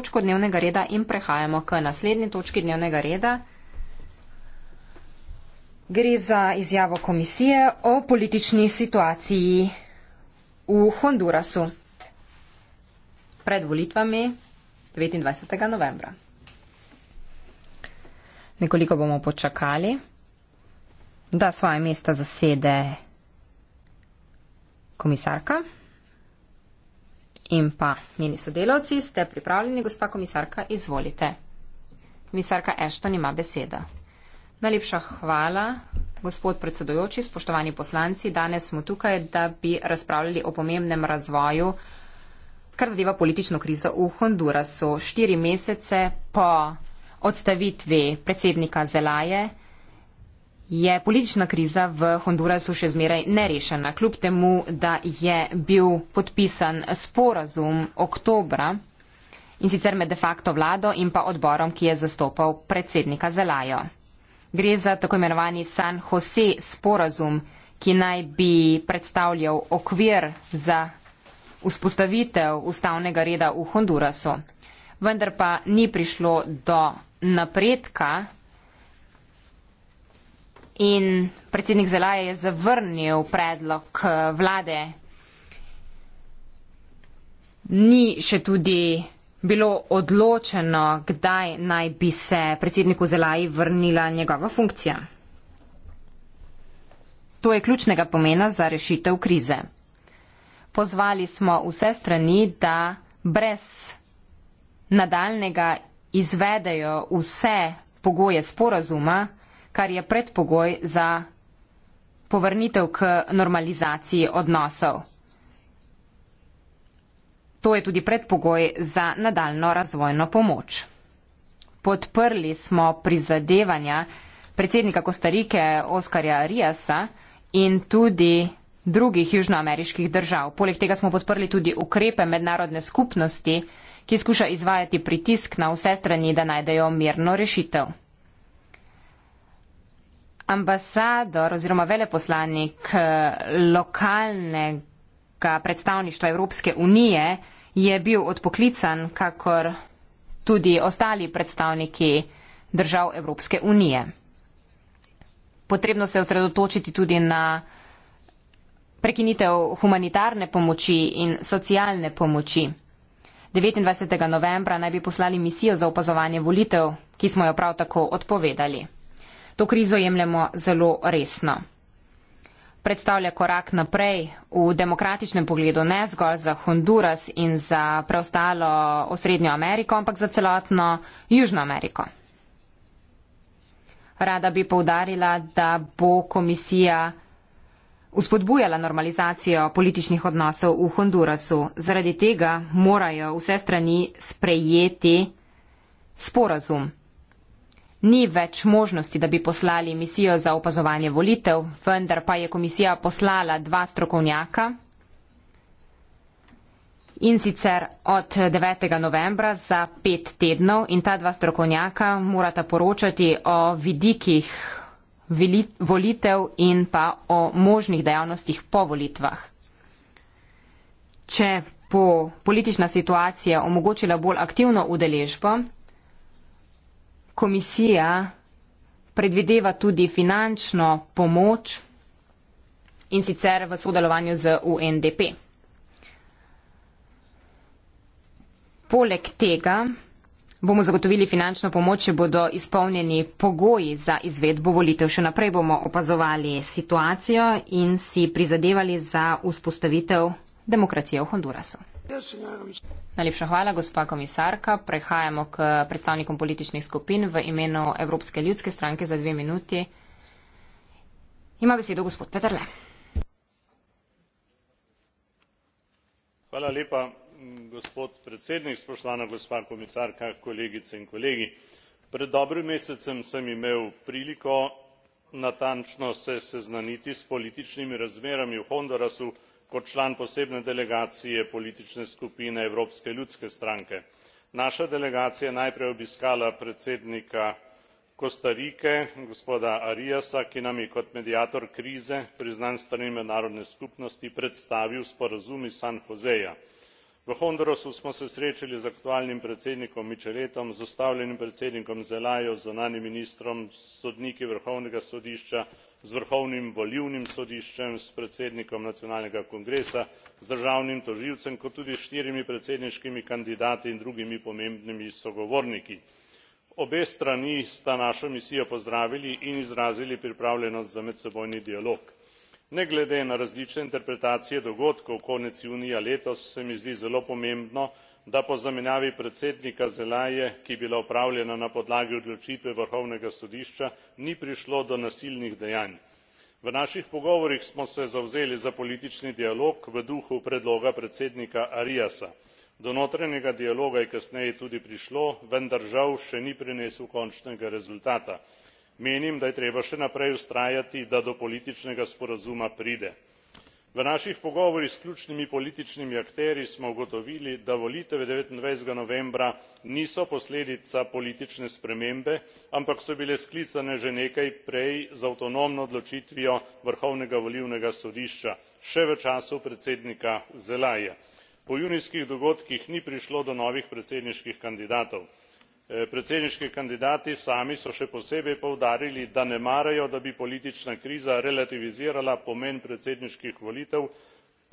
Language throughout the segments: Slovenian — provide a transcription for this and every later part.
točko dnevnega reda in prehajamo k naslednji točki dnevnega reda. Gre za izjavo komisije o politični situaciji v Hondurasu pred volitvami 29. novembra. Nekoliko bomo počakali, da svoje mesta zasede komisarka in pa njeni sodelavci. Ste pripravljeni, gospa komisarka, izvolite. Komisarka Ešton ima besedo. Najlepša hvala, gospod predsedujoči, spoštovani poslanci. Danes smo tukaj, da bi razpravljali o pomembnem razvoju, kar zadeva politično krizo v Hondurasu. Štiri mesece po odstavitvi predsednika Zelaje je politična kriza v Hondurasu še zmeraj nerešena. Kljub temu, da je bil podpisan sporazum oktobra in sicer med de facto vlado in pa odborom, ki je zastopal predsednika Zelajo. Gre za tako imenovani San Jose sporazum, ki naj bi predstavljal okvir za vzpostavitev ustavnega reda v Hondurasu. Vendar pa ni prišlo do napredka in predsednik Zelaja je zavrnil predlog eh, vlade. Ni še tudi bilo odločeno, kdaj naj bi se predsedniku Zelaji vrnila njegova funkcija. To je ključnega pomena za rešitev krize. Pozvali smo vse strani, da brez nadaljnega izvedejo vse pogoje sporazuma, kar je predpogoj za povrnitev k normalizaciji odnosov. To je tudi predpogoj za nadaljno razvojno pomoč. Podprli smo prizadevanja predsednika Kostarike Oskarja Riasa in tudi drugih južnoameriških držav. Poleg tega smo podprli tudi ukrepe mednarodne skupnosti, ki skuša izvajati pritisk na vse strani, da najdejo mirno rešitev ambasador oziroma veleposlanik eh, lokalnega predstavništva Evropske unije je bil odpoklican, kakor tudi ostali predstavniki držav Evropske unije. Potrebno se je osredotočiti tudi na prekinitev humanitarne pomoči in socialne pomoči. 29. novembra naj bi poslali misijo za opazovanje volitev, ki smo jo prav tako odpovedali. To krizo jemljemo zelo resno. Predstavlja korak naprej v demokratičnem pogledu ne zgolj za Honduras in za preostalo Osrednjo Ameriko, ampak za celotno Južno Ameriko. Rada bi povdarila, da bo komisija uspodbujala normalizacijo političnih odnosov v Hondurasu. Zaradi tega morajo vse strani sprejeti sporazum. Ni več možnosti, da bi poslali misijo za opazovanje volitev, vendar pa je komisija poslala dva strokovnjaka in sicer od 9. novembra za pet tednov in ta dva strokovnjaka morata poročati o vidikih volitev in pa o možnih dejavnostih po volitvah. Če bo politična situacija omogočila bolj aktivno udeležbo, komisija predvideva tudi finančno pomoč in sicer v sodelovanju z UNDP. Poleg tega bomo zagotovili finančno pomoč, če bodo izpolnjeni pogoji za izvedbo volitev. Še naprej bomo opazovali situacijo in si prizadevali za vzpostavitev demokracije v Hondurasu. Najlepša hvala, gospa komisarka. Prehajamo k predstavnikom političnih skupin v imenu Evropske ljudske stranke za dve minuti. Ima besedo gospod Petrle. Hvala lepa, gospod predsednik, spoštovana gospa komisarka, kolegice in kolegi. Pred dobrim mesecem sem imel priliko natančno se seznaniti s političnimi razmerami v Hondurasu, kot član posebne delegacije politične skupine evropske ljudske stranke. naša delegacija je najprej obiskala predsednika kostarike gospoda ariasa ki nam je kot mediator krize priznan s strani mednarodne skupnosti predstavil sporazum iz san joseja. v hondurasu smo se srečali z aktualnim predsednikom micheletom z odstavljenim predsednikom zelayo zunanjim ministrom sodniki vrhovnega sodišča z vrhovnim volilnim sodiščem s predsednikom nacionalnega kongresa z državnim tožilcem kot tudi s štirimi predsedniškimi kandidati in drugimi pomembnimi sogovorniki. obe strani sta našo misijo pozdravili in izrazili pripravljenost za medsebojni dialog. ne glede na različne interpretacije dogodkov konec junija letos se mi zdi zelo pomembno da po zamenjavi predsednika zelaye ki je bila opravljena na podlagi odločitve vrhovnega sodišča ni prišlo do nasilnih dejanj. v naših pogovorih smo se zavzeli za politični dialog v duhu predloga predsednika ariasa. do notranjega dialoga je kasneje tudi prišlo vendar žal še ni prinesel končnega rezultata. menim da je treba še naprej vztrajati da do političnega sporazuma pride v naših pogovorih s ključnimi političnimi akterji smo ugotovili da volitve devetindvajset novembra niso posledica politične spremembe ampak so bile sklicane že nekaj prej z avtonomno odločitvijo vrhovnega volilnega sodišča še v času predsednika zelaye. po junijskih dogodkih ni prišlo do novih predsedniških kandidatov. Eh, predsedniški kandidati sami so še posebej poudarili da ne marajo da bi politična kriza relativizirala pomen predsedniških volitev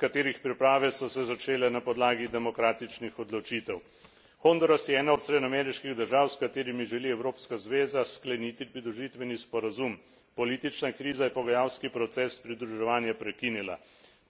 katerih priprave so se začele na podlagi demokratičnih odločitev. honduras je ena od srednjeameriških držav s katerimi želi evropska zveza skleniti pridružitveni sporazum politična kriza je pogajalski proces pridruževanja prekinila.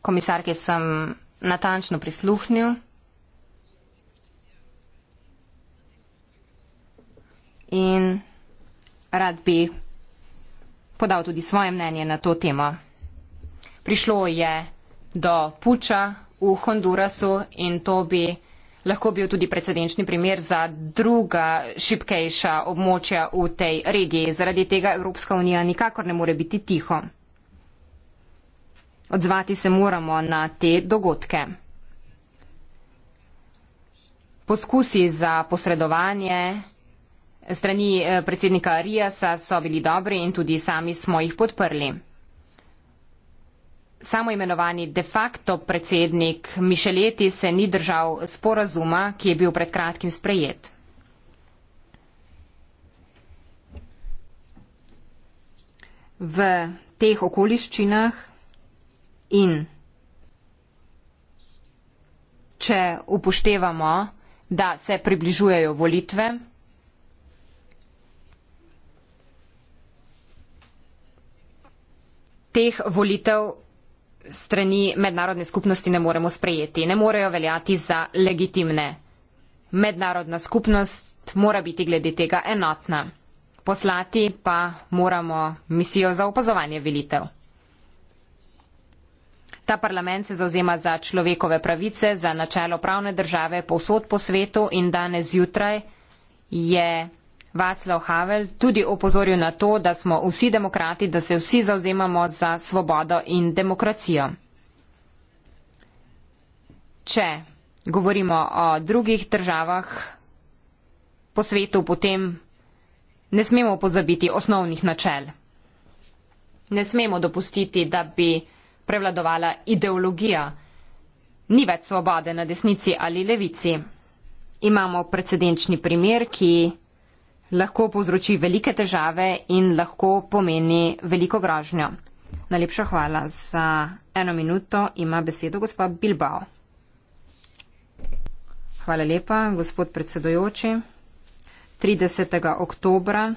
komisarki sem natančno prisluhnil. In rad bi podal tudi svoje mnenje na to temo. Prišlo je do puča v Hondurasu in to bi lahko bil tudi precedenčni primer za druga šipkejša območja v tej regiji. Zaradi tega Evropska unija nikakor ne more biti tiho. Odzvati se moramo na te dogodke. Poskusi za posredovanje strani eh, predsednika Riasa so bili dobri in tudi sami smo jih podprli. Samo imenovani de facto predsednik Mišeleti se ni držal sporazuma, ki je bil pred kratkim sprejet. V teh okoliščinah in če upoštevamo, da se približujejo volitve, teh volitev strani mednarodne skupnosti ne moremo sprejeti, ne morejo veljati za legitimne. Mednarodna skupnost mora biti glede tega enotna. Poslati pa moramo misijo za opazovanje volitev. Ta parlament se zauzema za človekove pravice, za načelo pravne države povsod po svetu in danes zjutraj je Václav Havel tudi opozoril na to, da smo vsi demokrati, da se vsi zauzemamo za svobodo in demokracijo. Če govorimo o drugih državah po svetu, potem ne smemo pozabiti osnovnih načel. Ne smemo dopustiti, da bi prevladovala ideologija. Ni več svobode na desnici ali levici. Imamo precedenčni primer, ki lahko povzroči velike težave in lahko pomeni veliko grožnjo. Najlepša hvala za eno minuto. Ima besedo gospa Bilbao. Hvala lepa, gospod predsedojoči. 30. oktobra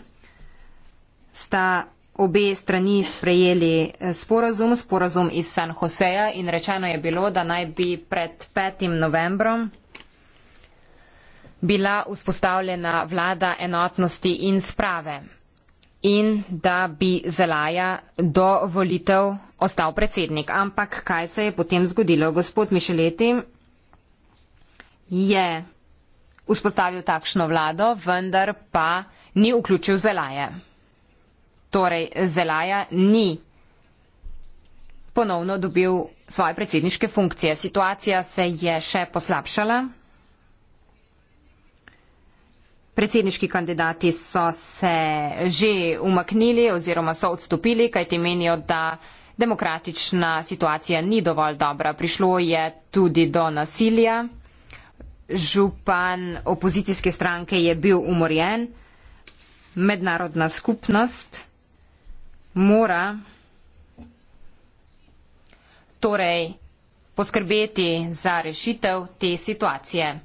sta obe strani sprejeli eh, sporazum, sporazum iz San Joseja in rečeno je bilo, da naj bi pred 5. novembrom bila vzpostavljena vlada enotnosti in sprave in da bi Zelaja do volitev ostal predsednik. Ampak kaj se je potem zgodilo? Gospod Mišeleti je vzpostavil takšno vlado, vendar pa ni vključil Zelaje. Torej, Zelaja ni ponovno dobil svoje predsedniške funkcije. Situacija se je še poslabšala. Predsedniški kandidati so se že umaknili oziroma so odstopili, kajti menijo, da demokratična situacija ni dovolj dobra. Prišlo je tudi do nasilja. Župan opozicijske stranke je bil umorjen. Mednarodna skupnost mora torej poskrbeti za rešitev te situacije.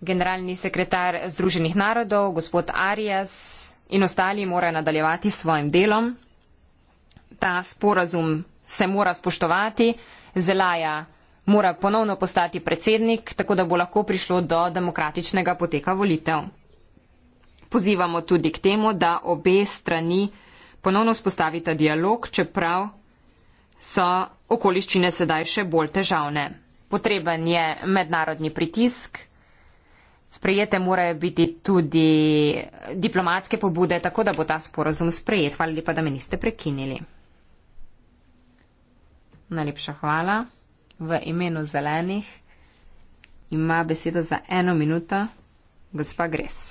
Generalni sekretar Združenih narodov, gospod Arias in ostali morajo nadaljevati s svojim delom. Ta sporazum se mora spoštovati, Zelaja mora ponovno postati predsednik, tako da bo lahko prišlo do demokratičnega poteka volitev. Pozivamo tudi k temu, da obe strani ponovno spostavita dialog, čeprav so okoliščine sedaj še bolj težavne. Potreben je mednarodni pritisk, sprejete morajo biti tudi diplomatske pobude, tako da bo ta sporozum sprejet. Hvala lepa, da me niste prekinili. Najlepša hvala. V imenu zelenih ima besedo za eno minuto gospa Gres.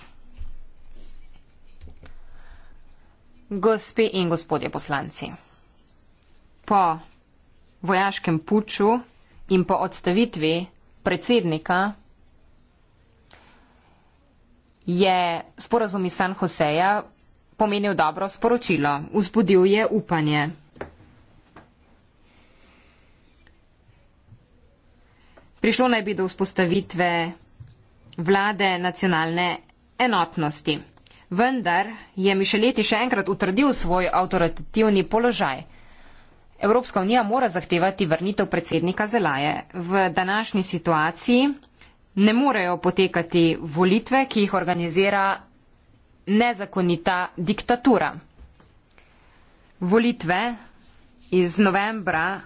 Gospe in gospodje poslanci, po vojaškem puču in po odstavitvi predsednika je sporazum iz San Joseja pomenil dobro sporočilo, vzbudil je upanje. Prišlo naj bi do vzpostavitve vlade nacionalne enotnosti vendar je Mišeleti še enkrat utrdil svoj avtoritativni položaj. Evropska unija mora zahtevati vrnitev predsednika Zelaje. V današnji situaciji ne morejo potekati volitve, ki jih organizira nezakonita diktatura. Volitve iz novembra,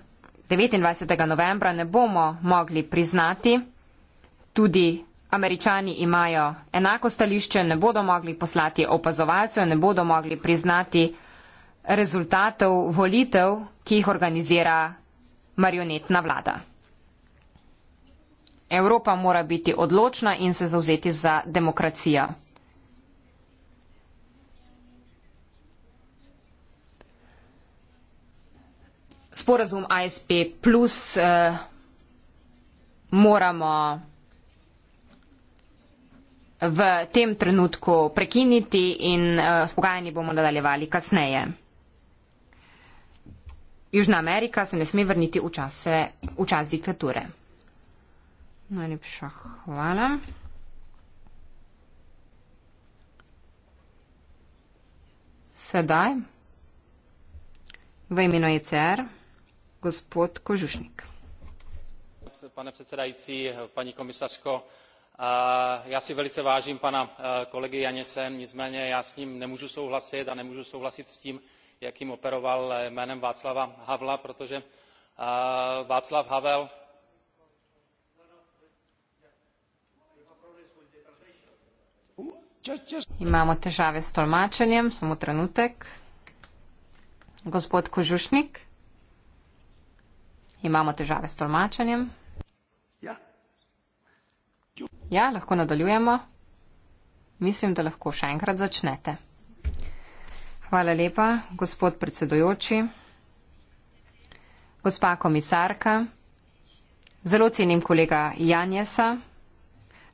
29. novembra ne bomo mogli priznati, tudi američani imajo enako stališče, ne bodo mogli poslati opazovalcev, ne bodo mogli priznati rezultatov volitev, ki jih organizira marionetna vlada. Evropa mora biti odločna in se zauzeti za demokracijo. Sporazum ASP plus eh, moramo v tem trenutku prekiniti in uh, s pogajanji bomo nadaljevali kasneje. Južna Amerika se ne sme vrniti v, čase, v čas diktature. Najlepša hvala. Sedaj v imenu ECR gospod Kožušnik. Pane predsedajci, paní komisařko, já si velice vážím pana eh, kolegy janese nicméně já s ním nemůžu souhlasit a nemůžu souhlasit s tím jakým operoval eh, jménem václava havla protože eh, václav havel Imamo težave s tolmačenjem, samo trenutek. Gospod Kožušnik, imamo težave s tolmačenjem. Ja, lahko nadaljujemo. Mislim, da lahko še enkrat začnete. Hvala lepa, gospod predsedojoči, gospa komisarka, zelo cenim kolega Janjesa.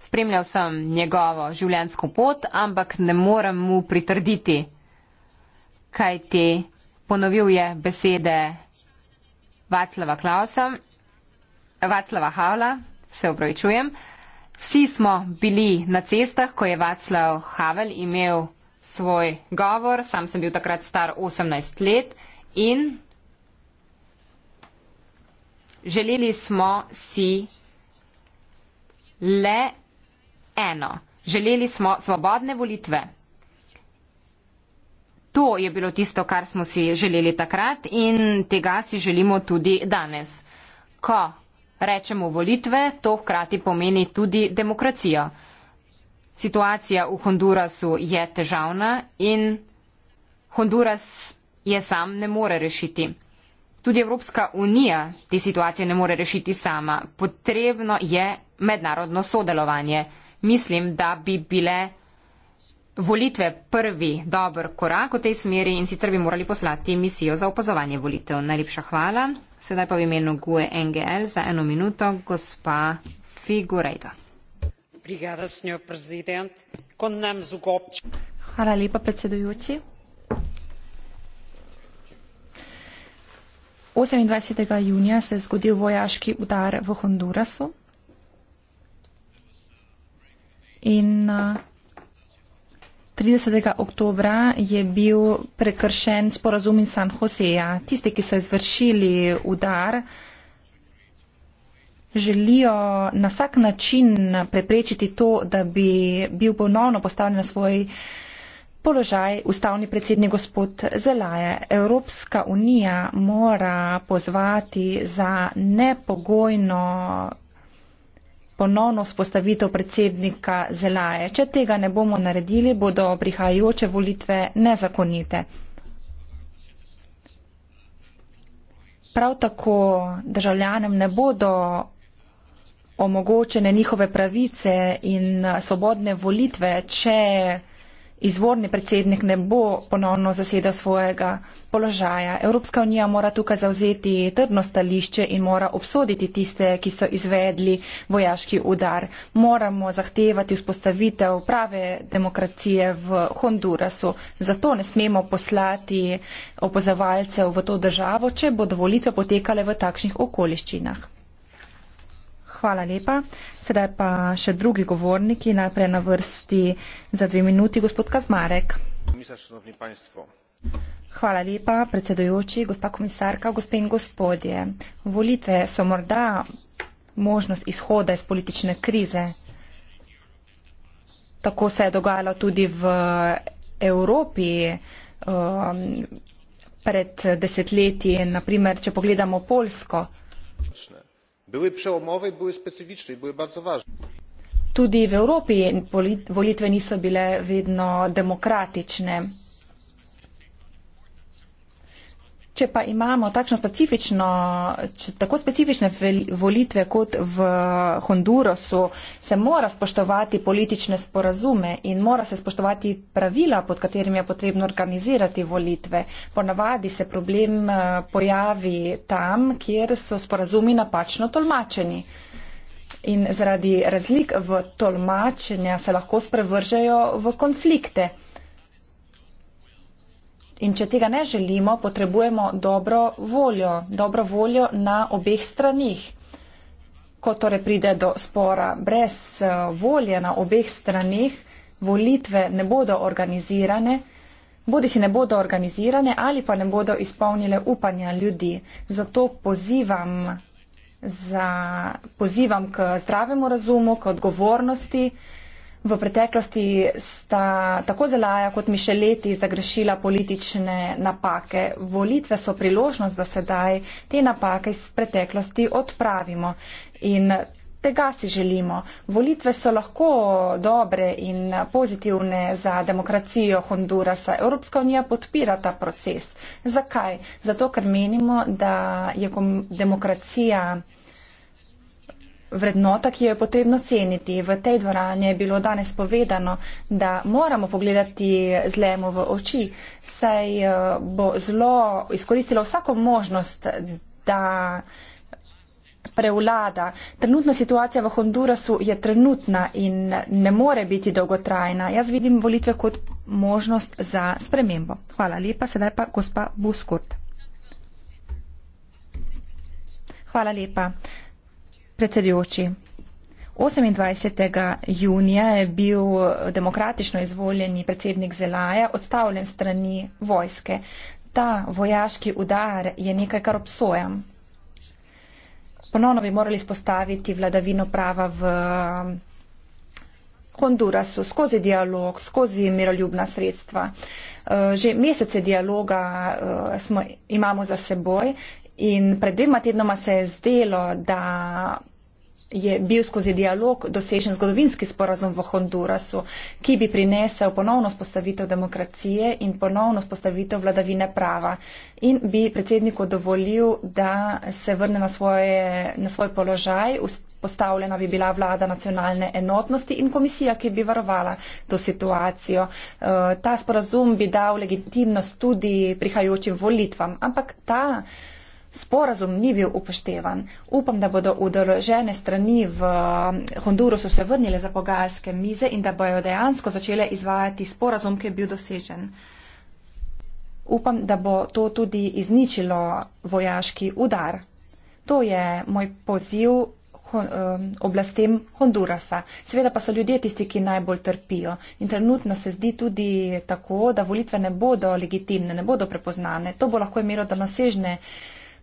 Spremljal sem njegovo življenjsko pot, ampak ne morem mu pritrditi, kaj ti ponovil je besede Vaclava Klausa, Vaclava Havla, se upravičujem. Vsi smo bili na cestah, ko je Václav Havel imel svoj govor, sam sem bil takrat star 18 let in želeli smo si le eno. Želeli smo svobodne volitve. To je bilo tisto, kar smo si želeli takrat in tega si želimo tudi danes. Ko Rečemo volitve, to hkrati pomeni tudi demokracijo. Situacija v Hondurasu je težavna in Honduras je sam ne more rešiti. Tudi Evropska unija te situacije ne more rešiti sama. Potrebno je mednarodno sodelovanje. Mislim, da bi bile volitve prvi dober korak v tej smeri in sicer bi morali poslati misijo za opazovanje volitev. Najlepša hvala. Sedaj pa v imenu GUE NGL za eno minuto gospa Figurejda. Hvala lepa, predsedujoči. 28. junija se je zgodil vojaški udar v Hondurasu. In uh, 30. oktobra je bil prekršen sporazum in San Joseja. Tiste, ki so izvršili udar, želijo na vsak način preprečiti to, da bi bil ponovno postavljen na svoj položaj ustavni predsednik gospod Zelaje. Evropska unija mora pozvati za nepogojno ponovno spostavitev predsednika Zelaje. Če tega ne bomo naredili, bodo prihajajoče volitve nezakonite. Prav tako državljanem ne bodo omogočene njihove pravice in svobodne volitve, če izvorni predsednik ne bo ponovno zasedal svojega položaja. Evropska unija mora tukaj zauzeti trdno stališče in mora obsoditi tiste, ki so izvedli vojaški udar. Moramo zahtevati vzpostavitev prave demokracije v Hondurasu. Zato ne smemo poslati opozovalcev v to državo, če bodo volitve potekale v takšnih okoliščinah. Hvala lepa. Sedaj pa še drugi govorniki, najprej na vrsti za dve minuti gospod Kazmarek. Hvala lepa, predsedujoči, gospa komisarka, gospe in gospodje. Volitve so morda možnost izhoda iz politične krize. Tako se je dogajalo tudi v Evropi um, pred desetletji, naprimer, če pogledamo Polsko. Počne były przełomowe i były specyficzne i były bardzo ważne. Tudi v Evropi volitve niso bile vedno demokratične. Če pa imamo takšno specifično, tako specifične volitve kot v Hondurosu, se mora spoštovati politične sporazume in mora se spoštovati pravila, pod katerimi je potrebno organizirati volitve. Ponavadi se problem eh, pojavi tam, kjer so sporazumi napačno tolmačeni. In zaradi razlik v tolmačenja se lahko sprevržajo v konflikte. In če tega ne želimo, potrebujemo dobro voljo, dobro voljo na obeh stranih. Ko torej pride do spora brez eh, volje na obeh stranih, volitve ne bodo organizirane, bodi si ne bodo organizirane ali pa ne bodo izpolnile upanja ljudi. Zato pozivam, za, pozivam k zdravemu razumu, k odgovornosti. V preteklosti sta tako Zelaja kot Mišeleti zagrešila politične napake. Volitve so priložnost, da sedaj te napake iz preteklosti odpravimo. In tega si želimo. Volitve so lahko dobre in pozitivne za demokracijo Hondurasa. Evropska unija podpira ta proces. Zakaj? Zato, ker menimo, da je demokracija vrednota, ki jo je potrebno ceniti. V tej dvorani je bilo danes povedano, da moramo pogledati zlemu v oči, saj eh, bo zlo izkoristilo vsako možnost, da prevlada. Trenutna situacija v Hondurasu je trenutna in ne more biti dolgotrajna. Jaz vidim volitve kot možnost za spremembo. Hvala lepa, sedaj pa gospa Buskurt. Hvala lepa. Predsedujoči, 28. junija je bil demokratično izvoljeni predsednik Zelaja odstavljen strani vojske. Ta vojaški udar je nekaj, kar obsojam. Ponovno bi morali spostaviti vladavino prava v um, Hondurasu skozi dialog, skozi miroljubna sredstva. Uh, že mesece dialoga uh, smo, imamo za seboj In pred dvema tednoma se je zdelo, da je bil skozi dialog dosežen zgodovinski sporazum v Hondurasu, ki bi prinesel ponovno spostavitev demokracije in ponovno spostavitev vladavine prava in bi predsedniku dovolil, da se vrne na, svoje, na svoj položaj. Postavljena bi bila vlada nacionalne enotnosti in komisija, ki bi varovala to situacijo. Eh, ta sporazum bi dal legitimnost tudi prihajajočim volitvam, ampak ta sporazum ni bil upoštevan. Upam, da bodo udeležene strani v eh, Hondurusu se vrnile za pogajalske mize in da bojo dejansko začele izvajati sporazum, ki je bil dosežen. Upam, da bo to tudi izničilo vojaški udar. To je moj poziv eh, oblastem Hondurasa. Seveda pa so ljudje tisti, ki najbolj trpijo. In trenutno se zdi tudi tako, da volitve ne bodo legitimne, ne bodo prepoznane. To bo lahko imelo daljnosežne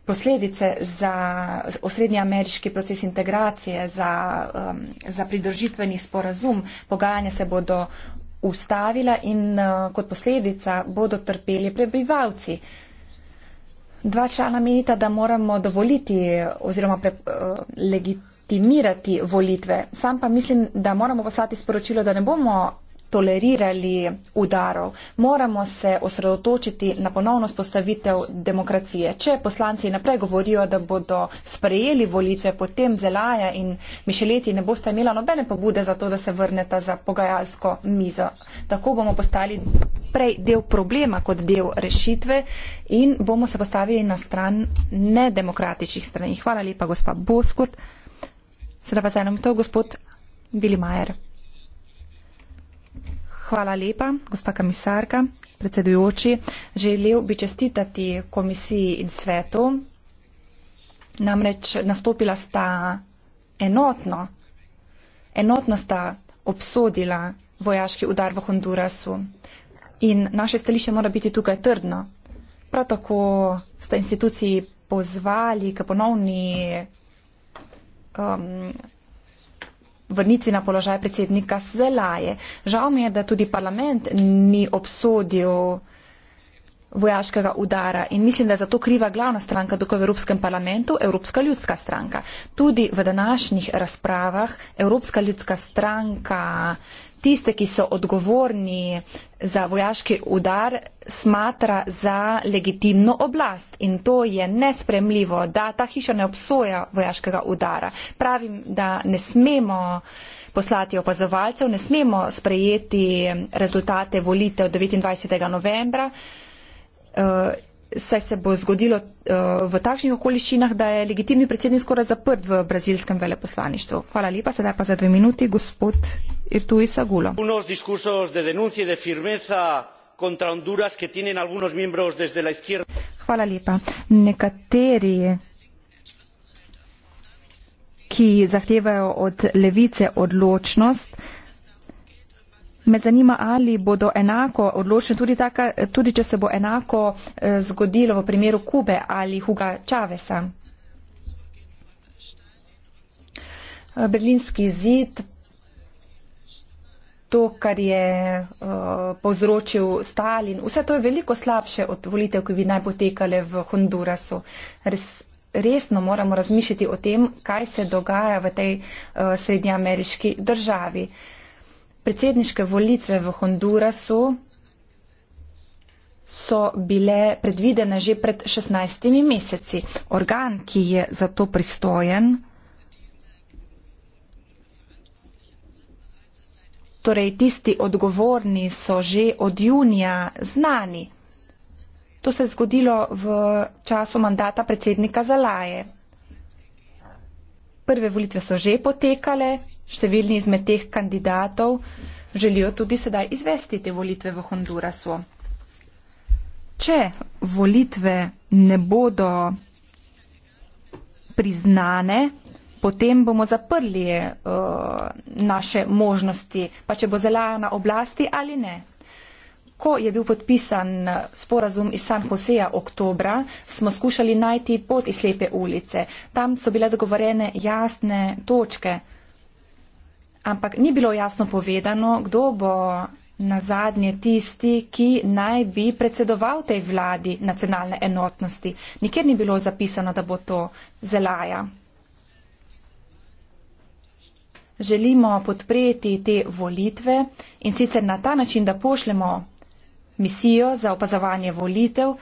posledice za osrednji ameriški proces integracije, za, um, za pridržitveni sporazum, pogajanja se bodo ustavila in uh, kot posledica bodo trpeli prebivalci. Dva člana menita, da moramo dovoliti oziroma pre, uh, legitimirati volitve. Sam pa mislim, da moramo poslati sporočilo, da ne bomo tolerirali udarov. Moramo se osredotočiti na ponovno spostavitev demokracije. Če poslanci naprej govorijo, da bodo sprejeli volitve, potem Zelaja in Mišeleti ne boste imela nobene pobude za to, da se vrneta za pogajalsko mizo. Tako bomo postali prej del problema kot del rešitve in bomo se postavili na stran nedemokratičnih strani. Hvala lepa, gospa Boskurt. Sedaj pa zanom to, gospod Bili Majer. Hvala lepa, gospa komisarka, predsedujoči. Želel bi čestitati komisiji in svetu. Namreč nastopila sta enotno, enotno sta obsodila vojaški udar v Hondurasu. In naše stališče mora biti tukaj trdno. Prav tako sta instituciji pozvali k ponovni um, vrnitvi na položaj predsednika Zelaje. Žal mi je, da tudi parlament ni obsodil vojaškega udara in mislim, da je zato kriva glavna stranka tukaj v Evropskem parlamentu, Evropska ljudska stranka. Tudi v današnjih razpravah Evropska ljudska stranka, tiste, ki so odgovorni za vojaški udar, smatra za legitimno oblast in to je nespremljivo, da ta hiša ne obsoja vojaškega udara. Pravim, da ne smemo poslati opazovalcev, ne smemo sprejeti rezultate volitev 29. novembra. Eh, saj se bo zgodilo eh, v takšnih okoliščinah, da je legitimni predsednik skoraj zaprt v brazilskem veleposlaništvu. Hvala lepa, sedaj pa za dve minuti gospod Irtuji Sagulo. Hvala lepa. Nekateri, ki zahtevajo od levice odločnost, Me zanima, ali bodo enako odločene, tudi, taka, tudi če se bo enako eh, zgodilo v primeru Kube ali Huga Čavesa. Eh, berlinski zid, to, kar je uh, povzročil Stalin, vse to je veliko slabše od volitev, ki bi naj potekale v Hondurasu. Res, resno moramo razmišljati o tem, kaj se dogaja v tej uh, srednjeameriški državi. Uh, Predsedniške volitve v Hondurasu so bile predvidene že pred 16 meseci. Organ, ki je za to pristojen, torej tisti odgovorni so že od junija znani. To se je zgodilo v času mandata predsednika Zalaje. Prve volitve so že potekale, številni izmed teh kandidatov želijo tudi sedaj izvesti te volitve v Hondurasu. Če volitve ne bodo priznane, potem bomo zaprli uh, naše možnosti, pa če bo zelaja na oblasti ali ne ko je bil podpisan eh, sporazum iz San Joseja oktobra, smo skušali najti pot iz slepe ulice. Tam so bile dogovorene jasne točke, ampak ni bilo jasno povedano, kdo bo na zadnje tisti, ki naj bi predsedoval tej vladi nacionalne enotnosti. Nikjer ni bilo zapisano, da bo to zelaja. Želimo podpreti te volitve in sicer na ta način, da pošljemo misijo za opazovanje volitev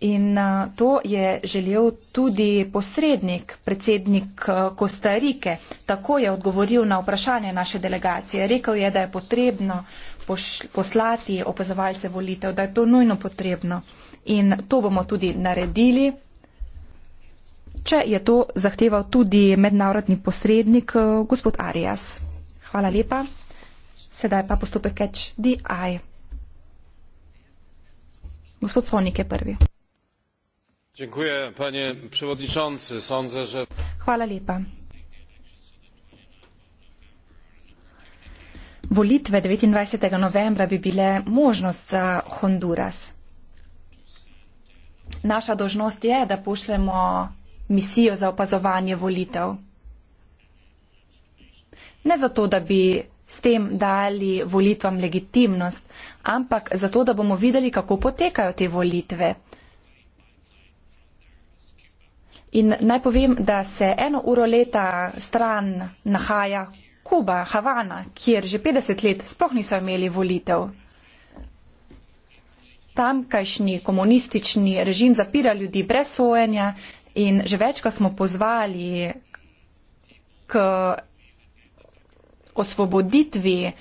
in eh, to je želel tudi posrednik, predsednik Kostarike. Eh, Tako je odgovoril na vprašanje naše delegacije. Rekel je, da je potrebno poslati opazovalce volitev, da je to nujno potrebno. In to bomo tudi naredili, če je to zahteval tudi mednarodni posrednik eh, gospod Arias. Hvala lepa. Sedaj pa postopek catch the eye. Volitve devetindvajsetega novembra bi bile možnost za Honduras. Naša dolžnost je, da pošljemo misijo za opazovanje volitev. Ne zato, da bi s tem dali volitvam legitimnost, ampak zato, da bomo videli, kako potekajo te volitve. In naj povem, da se eno uro leta stran nahaja Kuba, Havana, kjer že 50 let sploh niso imeli volitev. Tamkajšnji komunistični režim zapira ljudi brez sojenja in že večkrat smo pozvali k osvoboditvi,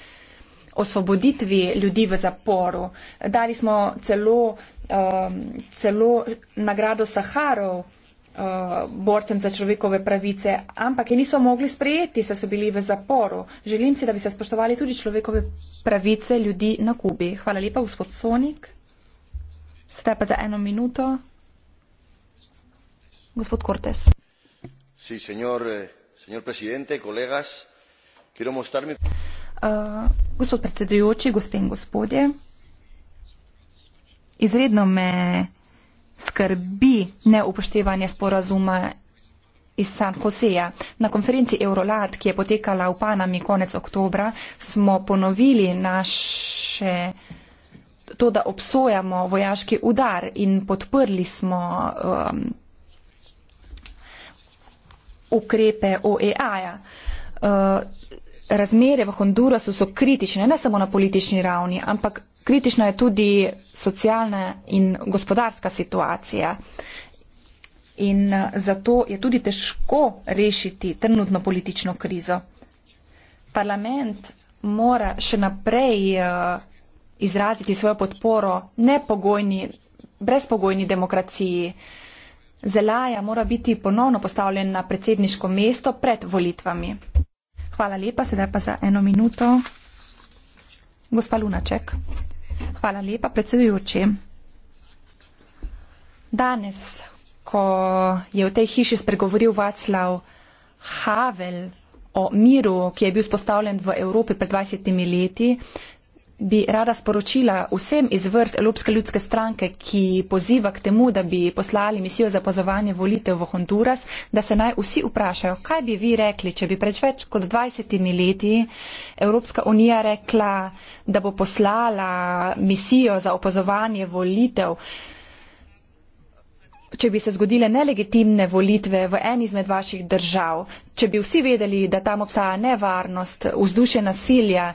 osvoboditvi ljudi v zaporu. Dali smo celo, um, celo nagrado Saharov uh, borcem za človekove pravice, ampak je niso mogli sprejeti, saj so bili v zaporu. Želim si, da bi se spoštovali tudi človekove pravice ljudi na Kubi. Hvala lepa, gospod Sonik. Sedaj pa za eno minuto. Gospod Cortes. Sí, señor, eh, señor presidente, colegas. Quiero mostrar mi... Uh, gospod predsedujoči, gospe in gospodje, izredno me skrbi neupoštevanje sporazuma iz San Joseja. Na konferenci Eurolat, ki je potekala v Panami konec oktobra, smo ponovili naše to, da obsojamo vojaški udar in podprli smo um, ukrepe OEA-ja. Uh, eh, razmere v Hondurasu so kritične, ne samo na politični ravni, ampak kritična je tudi socialna in gospodarska situacija. In eh, zato je tudi težko rešiti trenutno politično krizo. Parlament mora še naprej eh, izraziti svojo podporo nepogojni, brezpogojni demokraciji. Zelaja mora biti ponovno postavljen na predsedniško mesto pred volitvami. Hvala lepa. Sedaj pa za eno minuto. Gospa Lunaček. Hvala lepa, predsedujoči. Danes, ko je v tej hiši spregovoril Vaclav Havel o miru, ki je bil spostavljen v Evropi pred 20 leti, bi rada sporočila vsem iz vrst Evropske ljudske stranke, ki poziva k temu, da bi poslali misijo za pozovanje volitev v Honduras, da se naj vsi vprašajo, kaj bi vi rekli, če bi pred več kot 20 leti Evropska unija rekla, da bo poslala misijo za opozovanje volitev, če bi se zgodile nelegitimne volitve v eni izmed vaših držav, če bi vsi vedeli, da tam obstaja nevarnost, vzdušje nasilja,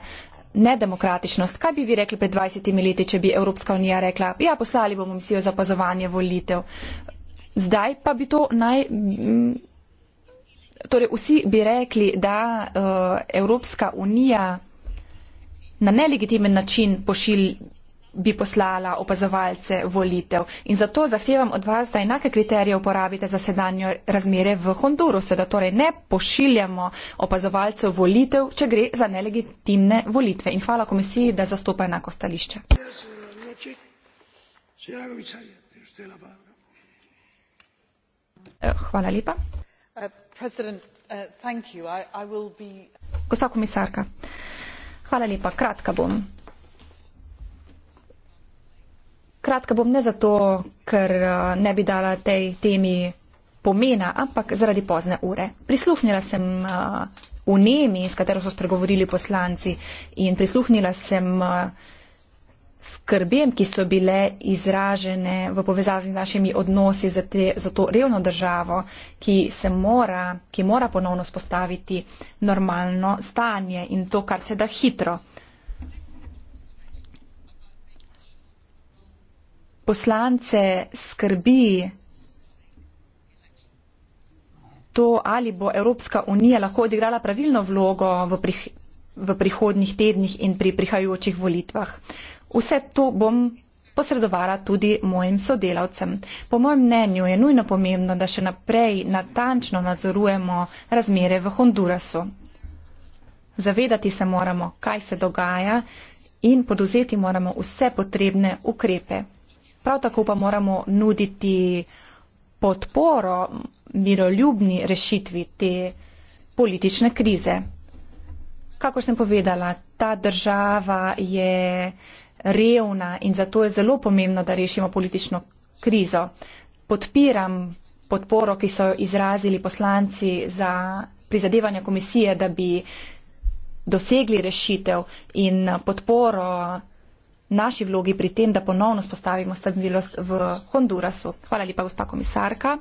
nedemokratičnost. Kaj bi vi rekli pred 20 leti, če bi Evropska unija rekla, ja, poslali bomo misijo za opazovanje volitev. Zdaj pa bi to naj. Mm, torej, vsi bi rekli, da uh, Evropska unija na nelegitimen način pošilja bi poslala opazovalce volitev. In zato zahtevam od vas, da enake kriterije uporabite za sedanjo razmere v Hondurusu, da torej ne pošiljamo opazovalcev volitev, če gre za nelegitimne volitve. In hvala komisiji, da zastopa enako stališče. Eh, hvala lepa. Uh, uh, Gospa komisarka, hvala lepa, kratka bom. Skratka, bom ne zato, ker eh, ne bi dala tej temi pomena, ampak zaradi pozne ure. Prisluhnila sem v eh, Nemi, s katero so spregovorili poslanci in prisluhnila sem eh, skrbem, ki so bile izražene v povezavi z našimi odnosi za, te, za to revno državo, ki se mora, ki mora ponovno spostaviti normalno stanje in to, kar se da hitro. poslance skrbi to, ali bo Evropska unija lahko odigrala pravilno vlogo v, prih, v prihodnih tednih in pri prihajajočih volitvah. Vse to bom posredovala tudi mojim sodelavcem. Po mojem mnenju je nujno pomembno, da še naprej natančno nadzorujemo razmere v Hondurasu. Zavedati se moramo, kaj se dogaja in poduzeti moramo vse potrebne ukrepe prav tako pa moramo nuditi podporo miroljubni rešitvi te politične krize. Kako sem povedala, ta država je revna in zato je zelo pomembno, da rešimo politično krizo. Podpiram podporo, ki so izrazili poslanci za prizadevanja komisije, da bi dosegli rešitev in podporo naši vlogi pri tem, da ponovno spostavimo stabilnost v Hondurasu. Hvala lepa, gospa komisarka.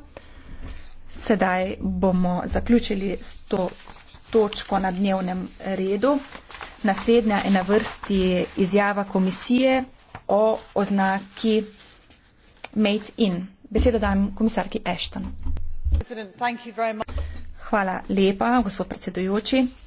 Sedaj bomo zaključili s to točko na dnevnem redu. Naslednja je na vrsti izjava komisije o oznaki Made in. Besedo dam komisarki Ashton. Hvala lepa, gospod predsedujoči.